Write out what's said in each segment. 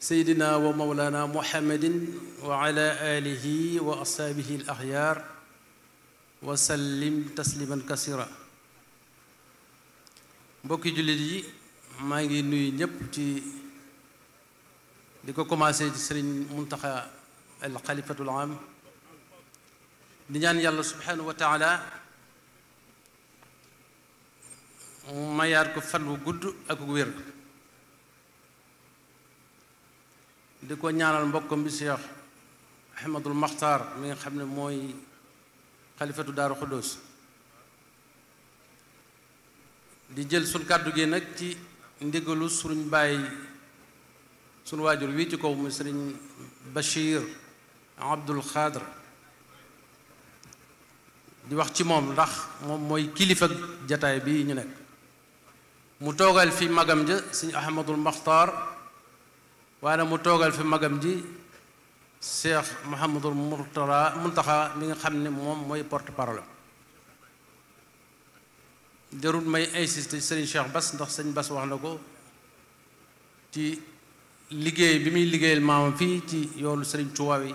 سيدنا ومولانا محمد وعلى آله وأصحابه الأخيار وسلم تسليما كثيرا mbokki jullit yi maa ngi nuyu ñëpp ci di ko commencé ci sëriñ Muntaxa al xalifatul di ñaan yàlla subhanahu wa taala mayaar ko fan wu gudd ak wér di ko ñaanal mbokkam bi Cheikh Ahmadul Maxtaar mi nga xam ne mooy xalifatu Daaru Xuddoos di jël suñ kàddu gi nag ci ndigalu suñ bàyyi suñ waajur wii ci kaw mu sëriñ Bachir Abdul Xaadir di wax ci moom ndax moom mooy kilifa jataay bi ñu nekk mu toogal fi magam ja sëñ Ahmadul Maxtaar waaye mu toogal fi magam ji Cheikh Mouhamadul Mourtala Muntaxa mi nga xam ne moom mooy porte parole jarul may insister sëriñ Cheikh Bass ndax sëñ Bass wax na ko ci liggéey bi muy liggéeyal maamam fii ci yoonu sëriñ Tuubaa wi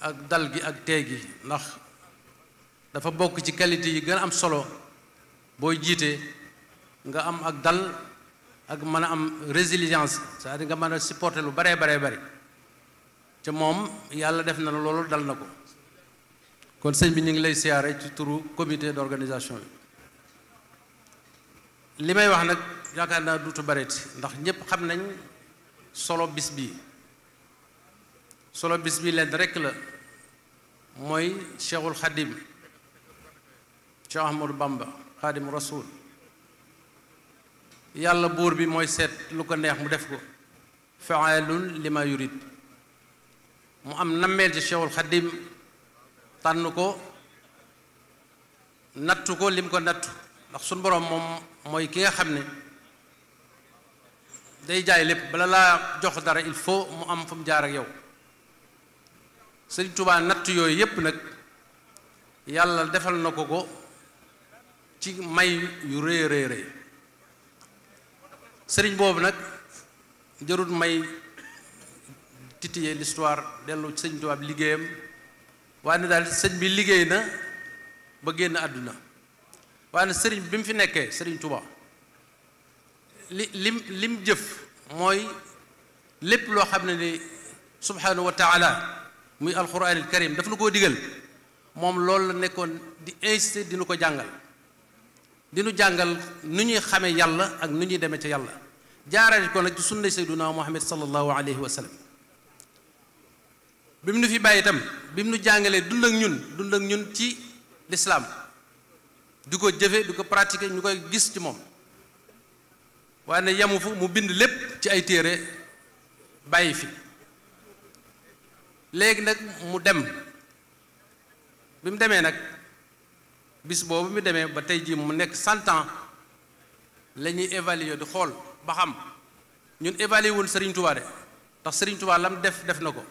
ak dal gi ak tey gi ndax dafa bokk ci qualité yi gën a am solo booy jiitee nga am ak dal ak mën a am résilience saa à nga mën a supporter lu baree baree bari te moom yàlla def na loolu dal na ko kon sëñ bi ñu ngi lay siyaare ci turu comité d'organisation bi li may wax nag yaakaar naa duutu bareeti ndax ñépp xam nañ solo bis bi solo bis bii leen rekk la mooy Cheikhul Khadim Cheikh Ahmadou Bamba Khadim Rasoul yàlla buur bi mooy seet lu ko neex mu def ko faalun lima yurid mu am nammeel ci Cheikhul Xadim tànn ko nattu ko lim ko natt ndax suñ boroom moom mooy ki nga xam ne day jaay lépp bala laa jox dara il faut mu am fu mu jaar ak yow Sëriñ Tuubaa natt yooyu yépp nag yàlla defal na ko ko ci may yu rëy rëy rëy sëriñ boobu nag jarul may titiller l'histoire dellu sëñ tubaab liggéeyam waaye ne daal sëñ bi liggéey na ba génn àdduna waaye ne sëriñ bi mu fi nekkee sëriñ Tuubaa li lim lim jëf mooy lépp loo xam ne ni subhanahu wa muy muy alquranil karim daf nu koo digal moom loolu la nekkoon di insisté dina ko jàngal di nu jàngal nu ñuy xamee yàlla ak nu ñuy demee ca yàlla jaarale ko nag ci sunna sayduna muhammad sallallahu alayhi wa sallam bi mu nu fi bàyyi itam bi mu nu jàngalee dund ak ñun dund ñun ci lislaam du ko jëfe du ko pratiquer ñu koy gis ci moom waaye ne yemu fu mu bind lépp ci ay téere bàyyi fi léegi nag mu dem bi mu demee nag bis boobu mu demee ba tey jii mu nekk cent ans la ñuy évaluer di xool ba xam ñun évaluer wul Serigne Touba de ndax Serigne Touba lam def def na ko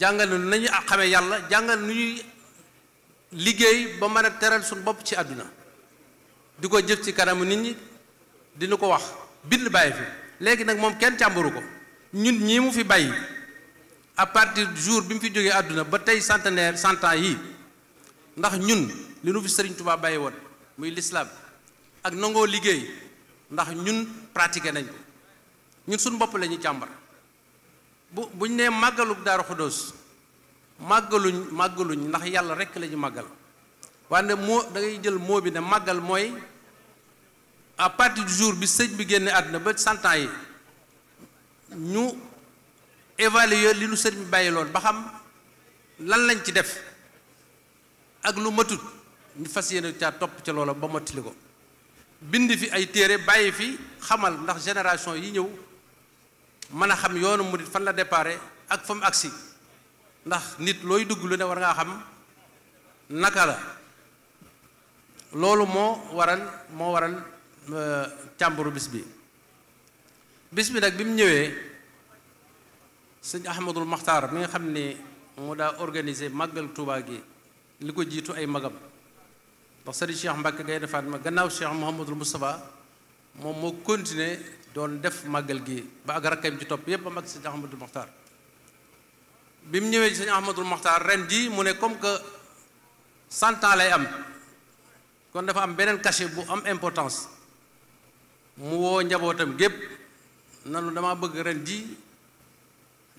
jàngal na nañu xamee yàlla jàngal nu liggéey ba mën a teral suñ bopp ci àdduna di ko jëf ci kanamu nit ñi dina ko wax bind bàyyi fi léegi nag moom kenn càmbaru ko ñun ñii mu fi bàyyi à partir du jour bi mu fi jógee àdduna ba tey centenaire cent ans yii ndax ñun li nu fi sëriñ Touba bàyyi woon muy lislaam ak nangoo liggéey ndax ñun pratique nañ ñun suñu bopp lañu ñuy càmbar bu buñ nee màggalug Daaru Xuddoos màggaluñ màggaluñ ndax yàlla rekk lañu màggal wante moo da ngay jël moo bi ne màggal mooy à partir du jour bi sëñ bi génne àdduna ba cent ans yi ñu évaluer li nu sëñ bi bàyyi loon ba xam lan lañ ci def ak lu matut ñu fas yéene caa topp ca loola ba mottali ko bind fi ay téere bàyyi fi xamal ndax génération yi ñëw mën a xam yoonu murit fan la déparé ak fa mu agsi ndax nit looy dugg lu ne war ngaa xam naka la loolu moo waral moo waral euh, càmbaru bis bi bis bi nag bi mu ñëwee sëñ Ahmadul Maxtaar mi nga xam ni mu daa organiser màggal Tuubaa gi li ko jiitu ay magam ndax sëriñ Cheikh ngay Gaïndé ma gannaaw Cheikh Mouhamadul Moustapha moom moo continuer doon def màggal gi ba ak rakkam ci topp yépp ba mag sëñ Ahmadul Mokhtar bi mu ñëwee ci sëñ Ahmadul Mokhtar ren jii mu ne comme que cent lay am kon dafa am beneen cachet bu am importance mu woo njabootam gépp nanu dama bëgg ren ji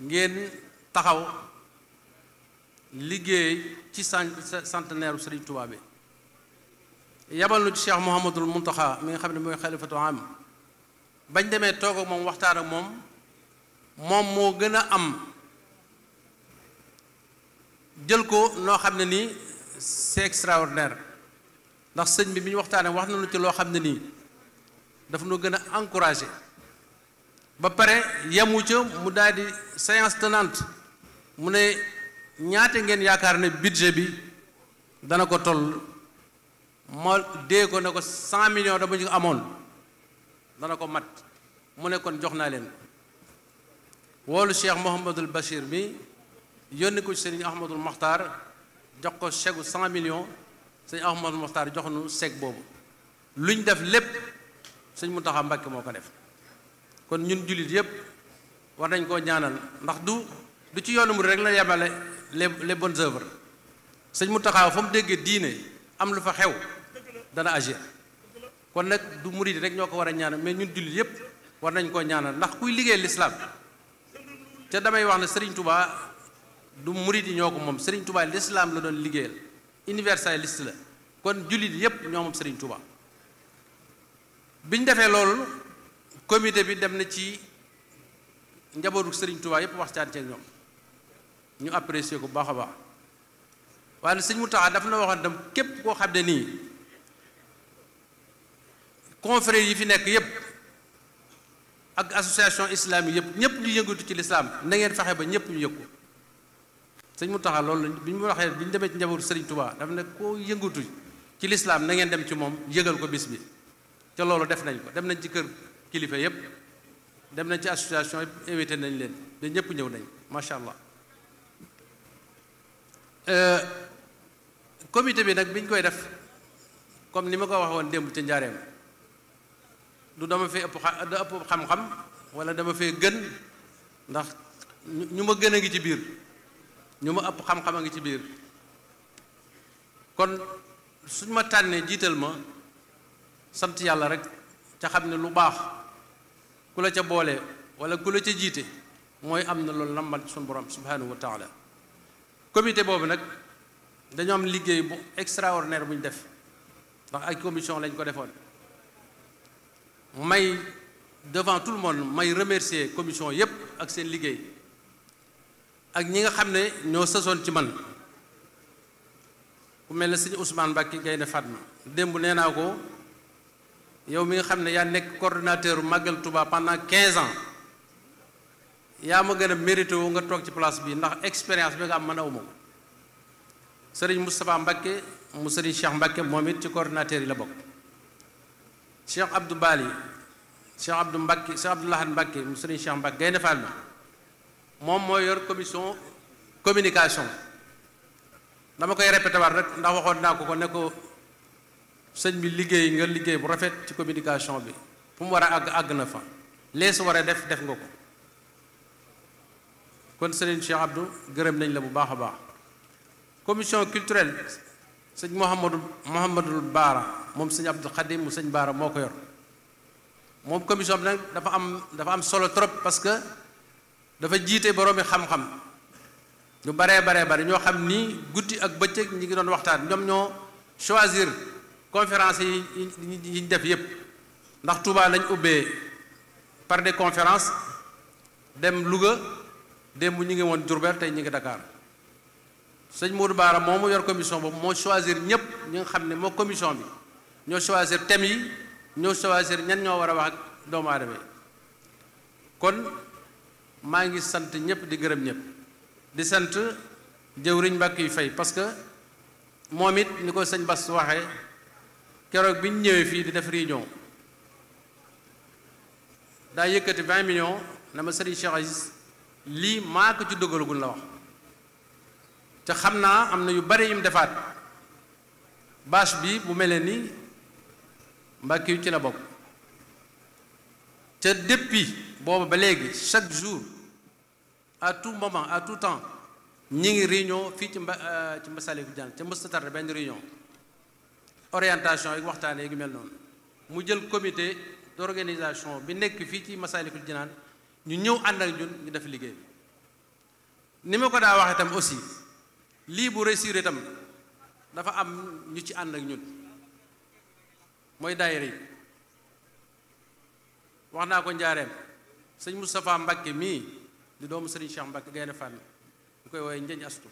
ngeen taxaw liggéey ci centenaire Serigne Touba bi yabal nu ci Cheikh Mouhamadul Muntaxa mi nga xam ne mooy xalifatu am bañ demee toog moom waxtaan ak moom moom moo gën a am jël ko noo xam ne nii c'est extraordinaire ndax sëñ bi bi ñu waxtaanee wax na nañu ci loo xam ne nii dafa nu gën a encouragé ba pare yamu ca mu daal di séance tenante mu ne. ñaate ngeen yaakaar ne budget bi dana ko toll ma dee ko ne ko cent millions dama ñu amoon dana ko mat mu ne kon jox naa leen woolu cheikh mohamadul bachir mi yónni ko sëriñ ahmadul moxtaar jox ko chegu cent millions sëriñ ahmadul moxtaar jox nu chèque boobu lu ñu def lépp sëñ taxa Mbàkke moo ko def kon ñun jullit yépp war nañ koo ñaanal ndax du du ci yoonu mu rek la yemale les les bonnes œuvres sëñ Mountakha fa mu déggee diine am lu fa xew dana agir kon nag du murid rek ñoo ko war a ñaanal mais ñun jullit yépp war nañ koo ñaanal ndax kuy liggéey lislaam te damay wax ne Serigne Touba du murid yi ñoo ko moom Serigne Touba lislaam la doon liggéeyal universaliste la kon jullit yépp ñoo moom Serigne Touba biñ defee loolu comité bi dem na ci njabootu Serigne Touba yépp waxtaan ceeg ñoom. ñu apprécier ko baax a baax waaye sëñ Mountakha dafa na waxoon tam képp koo xam ne nii confrères yi fi nekk yépp ak association islamique yépp ñépp ñu yëngatu ci lislaam na ngeen fexe ba ñépp ñu yëg ko mu Mountakha loolu la bi ñu waxee bi ñu demee ci njabootu sëriñ Touba dafa ne koo yëngatu ci lislaam na ngeen dem ci moom yëgal ko bis bi te loolu def nañ ko dem nañ ci kër kilifa yépp dem nañ ci association invité nañ leen da ñépp ñëw nañ macha allah Euh, comité bi nag biñ koy def comme ni ma ko waxoon démb ca njaareem du dama fee ëpp da ëpp xam-xam wala dama fee gën ndax ñu ma gën a ngi ci biir ñu ma ëpp xam-xam a ngi ci biir kon suñ ma tànnee jiital ma sant yàlla rek ca xam ne lu baax ku la ca boole wala ku la ca jiite mooy am na loolu lambal suñu borom subhanahu wa taala comité boobu nag dañoo am liggéey bu extraordinaire bu def ndax ay commission lañ ko defoon may devant tout le monde may remercier commission yëpp ak seen liggéey ak ñi nga xam ne ñoo sësoon ci man ku mel si ni ne sëñ Ousmane ne Gaynde Fatma démb nee naa ko yow mi nga xam ne yaa nekk coordonnateur màggal Touba pendant 15 ans. yaa ma gën a mérité wu nga toog ci place bi ndax expérience bi nga am man aw moom sëriñ Moustapha Mbakke mu sëriñ Cheikh Mbakke moom it ci coordinateur yi la bokk Cheikh Abdou Bali Cheikh Abdou Mbakke Cheikh Abdou Lahad Mbakke mu sëriñ Cheikh Mbakke Gaynde Fatma moom mooy yor commission communication dama koy répété waat rek ndax waxoon naa ko ko ne ko sëñ bi liggéey nga liggéey bu rafet ci communication bi fu mu war a àgg àgg na fa lee su a def def nga ko kon sëriñ Cheikh Abdou gërëm nañ la bu baax a baax commission culturelle sëñ Mouhamadou Mouhamadou Baara moom sëñ Abdou Khadim mu sëñ Baara moo ko yor moom commission bi nag dafa am dafa am solo trop parce que dafa jiite boroomi xam-xam ñu baree baree bari ñoo xam ni guddi ak bëccëg ñi ngi doon waxtaan ñoom ñoo choisir conférence yi yi ñu def yépp ndax Touba lañ ubbee par des conférences dem Louga. démb ñu ngi woon Diourbel tey ñu ngi Dakar sëñ Modou Baara moo mu yor commission boobu moo choisir ñëpp ñi nga xam ne moo commission bi ñoo choisir thèmes yi ñoo choisir ñan ñoo war a wax ak doomu aadama kon maa ngi sant ñëpp di gërëm ñëpp di sant jëw riñ mbàkk yu fay parce que moom it ñu ko sëñ Bas waxee keroog bi ñu ñëwee fii di def réunion daa yëkkati 20 millions na ma sëriñ lii maa ko ci dugalagul la wax te xam naa am na yu bari yum defaat bâche bi bu mel ni mbàkk yu ci la bokk te depuis boobu ba léegi chaque jour à tout moment à tout temps ñi ngi réunion fii ci mba euh, ci Massalikul Jinaan ca mësta tarde benn réunion orientation ak waxtaan yi mel noonu mu jël comité d'organisation bi nekk fii ci Massalikul Jinaan ñu ñëw ànd ak ñun ñu def liggéey ni ma ko daa waxee tam aussi lii bu réussir itam dafa am ñu ci ànd ak ñun mooy daayira yi wax naa ko njaareem sëñ Moustapha Mbacke mii di doomu sëriñ Cheikh Mbacke Gaynde Fatma ñu koy woowee njëñ astu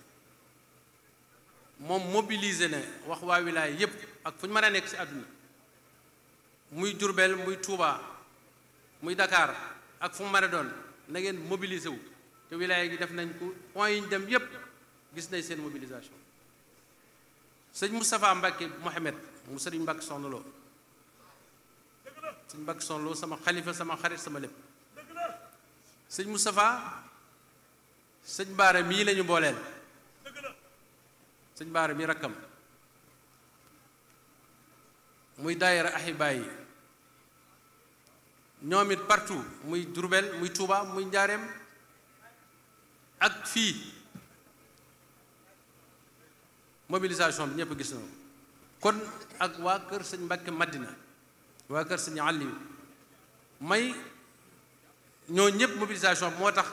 moom mobilise ne wax waa wilaay yépp ak fu ñu mën a nekk ci àdduna muy Jurbel muy Touba muy Dakar ak fu mu mën doon na ngeen mobiliser wu te wilaya gi def nañ ko point yi ñu dem yépp gis nañ seen mobilisation sëñ Moustapha Mbacke Mohamed mu sëriñ Mbacke Soxna Lo sëñ Mbacke Soxna sama xalifa sama xarit sama lépp sëñ Moustapha sëñ Baara mii lañu booleel sëñ Baara mii rakkam muy daayira ahibaay yi ñoom it partout muy Diourbel muy Touba muy Njaareem ak fii mobilisation bi ñëpp gis na kon ak waa kër sëñ Mbàkke Madina waa kër sëñ àll may ñoo ñëpp mobilisation bi moo tax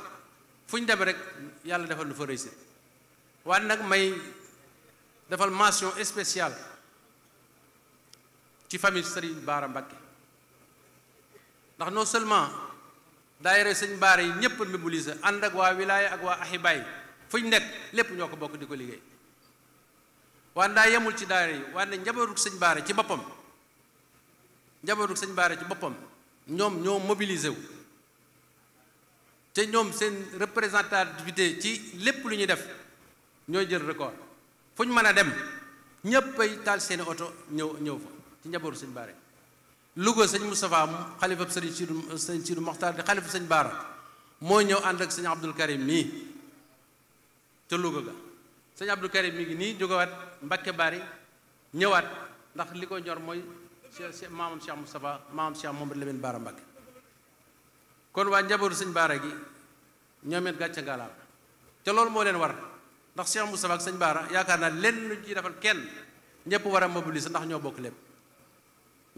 fu ñu dem rek yàlla defal nu fa réussite waaye nag may defal mention spéciale ci famille Serigne Bara Mbàkke ndax non seulement daayira sëñ baara yi ñëpp mobilisé ànd ak waa wilaaya ak waa ahibaay fu ñu nekk lépp ñoo ko bokk di ko liggéey waan daa yemul ci daayira yi waaye njabootu sëñ baara ci boppam njabootu sëñ baara ci boppam ñoom ñoo mobilisé wu te ñoom seen représentativité ci lépp lu ñuy def ñooy jël record fu ñu mën a dem ñëpp ay taal seeni oto ñëw ñëw fa ci njabootu sëñ baara Louga sëñ mu xalifa sëriñ Siidu sëñ Siidu Moxtaar di xalifa sëñ Baara moo ñëw ànd ak sëñ Abdul Karim mii ca Louga ga sëñ Abdul Karim mi ngi nii jógewaat Mbakke Bari ñëwaat ndax li ko ñor mooy Cheikh maamam Cheikh Moustapha maamam Cheikh Mouhamadou Lamine Baara Mbakke kon waa njabootu sëñ Baara gi ñoom it gàcce ngaalaam te loolu moo leen war ndax Cheikh Moustapha ak sëñ Baara yaakaar naa lenn lu ci defal kenn ñëpp war a mobiliser ndax ñoo bokk lépp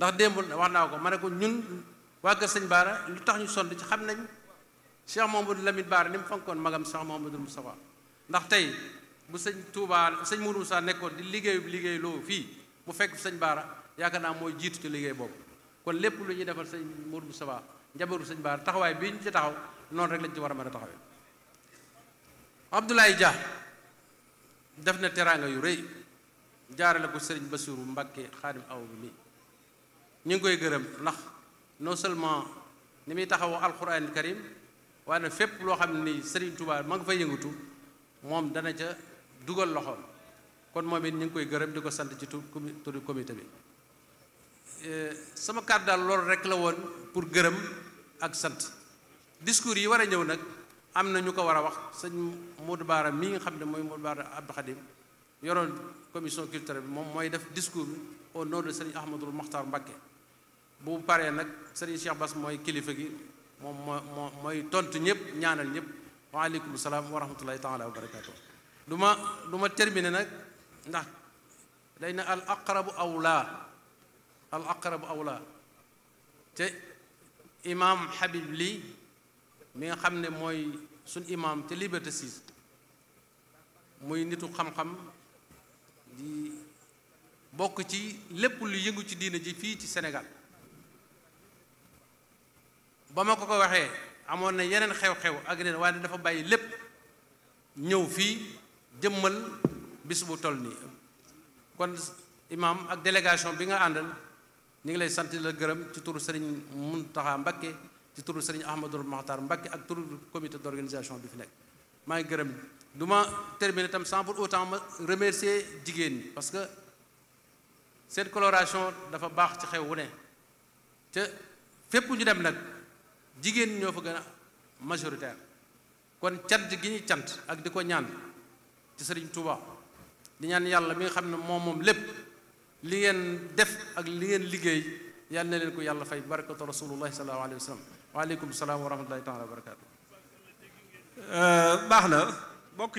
ndax démbul wax naa ko ma ne ko ñun waa sañ Baara lu tax ñu sonn ci xam nañ Cheikh Mamadou Lamine Baara ni mu fonkoon magam Cheikh Mamadou Moustapha ndax tey bu sëñ Touba sëñ Mourou Moussa nekkoon di liggéeyu liggéey loo fii mu fekk sëñ Baara yaakaar naa mooy jiitu ci liggéey boobu kon lépp lu ñuy defal sëñ Mourou Moussa njabootu sëñ Baara taxawaay bii ñu ci taxaw noonu rek lañ ci war a man a taxawee. Abdoulaye Dia def na teraanga yu rëy jaarale ko sëriñ Bassirou Mbacké Xaadim aw bi mi ñu ngi koy gërëm ndax non seulement ni muy taxawu alquran karim waaye nag fépp loo xam ne ni Serigne Touba ma nga fay yëngatu moom dana ca dugal loxoom kon moom it ñu ngi koy gërëm di ko sant ci turu comité bi euh, sama kàddu daal loolu rek la woon pour gërëm ak sant discours yi war a ñëw nag am na ñu ko war a wax sëñ Modou Bara mi nga xam ne mooy Modou Bara Abdou Khadim commission culture bi moom mooy def discours bi au nom de Serigne Ahmadul Mokhtar Mbakke bu paree nag Serigne Cheikh Bass mooy kilifa gi moom moo mooy tontu ñëpp ñaanal ñëpp waaleykum salaam wa rahmatullahi taala wa barakaatu. du ma du nag ndax day na al aqrabu awla al aqrabu awla te imaam Habib lii mi nga xam ne mooy suñ imaam te Liberté 6 muy nitu xam-xam bokk ci lépp lu yëngu ci diina ji fii ci Sénégal ba ma ko ko waxee amoon na yeneen xew-xew ak yeneen waaye dafa bàyyi lépp ñëw fii jëmmal bi bu toll nii kon imaam ak délégation bi nga àndal ñu ngi lay sant la gërëm ci turu sëriñ Muntaxa Mbakke ci turu sëriñ Ahmadul Maxtaar Mbakke ak turu comité d'organisation bi fi nekk maa gërëm du ma tam sans pour ma remercier jigéen ñi seen coloration dafa baax ci xew wu ne te fépp ñu dem nag jigéen ñoo fa gën a majoritaire kon cant gi ñu cant ak di ko ñaan ci sëriñ Touba di ñaan yàlla mi nga xam ne moom moom lépp li ngeen def ak li ngeen liggéey yàlla na leen ko yàlla fay barakatu rasulullahi sallallahu alayhi wa sallam waaleykum salaam wa rahmatullahi taala wa barakatu euh, baax na bokk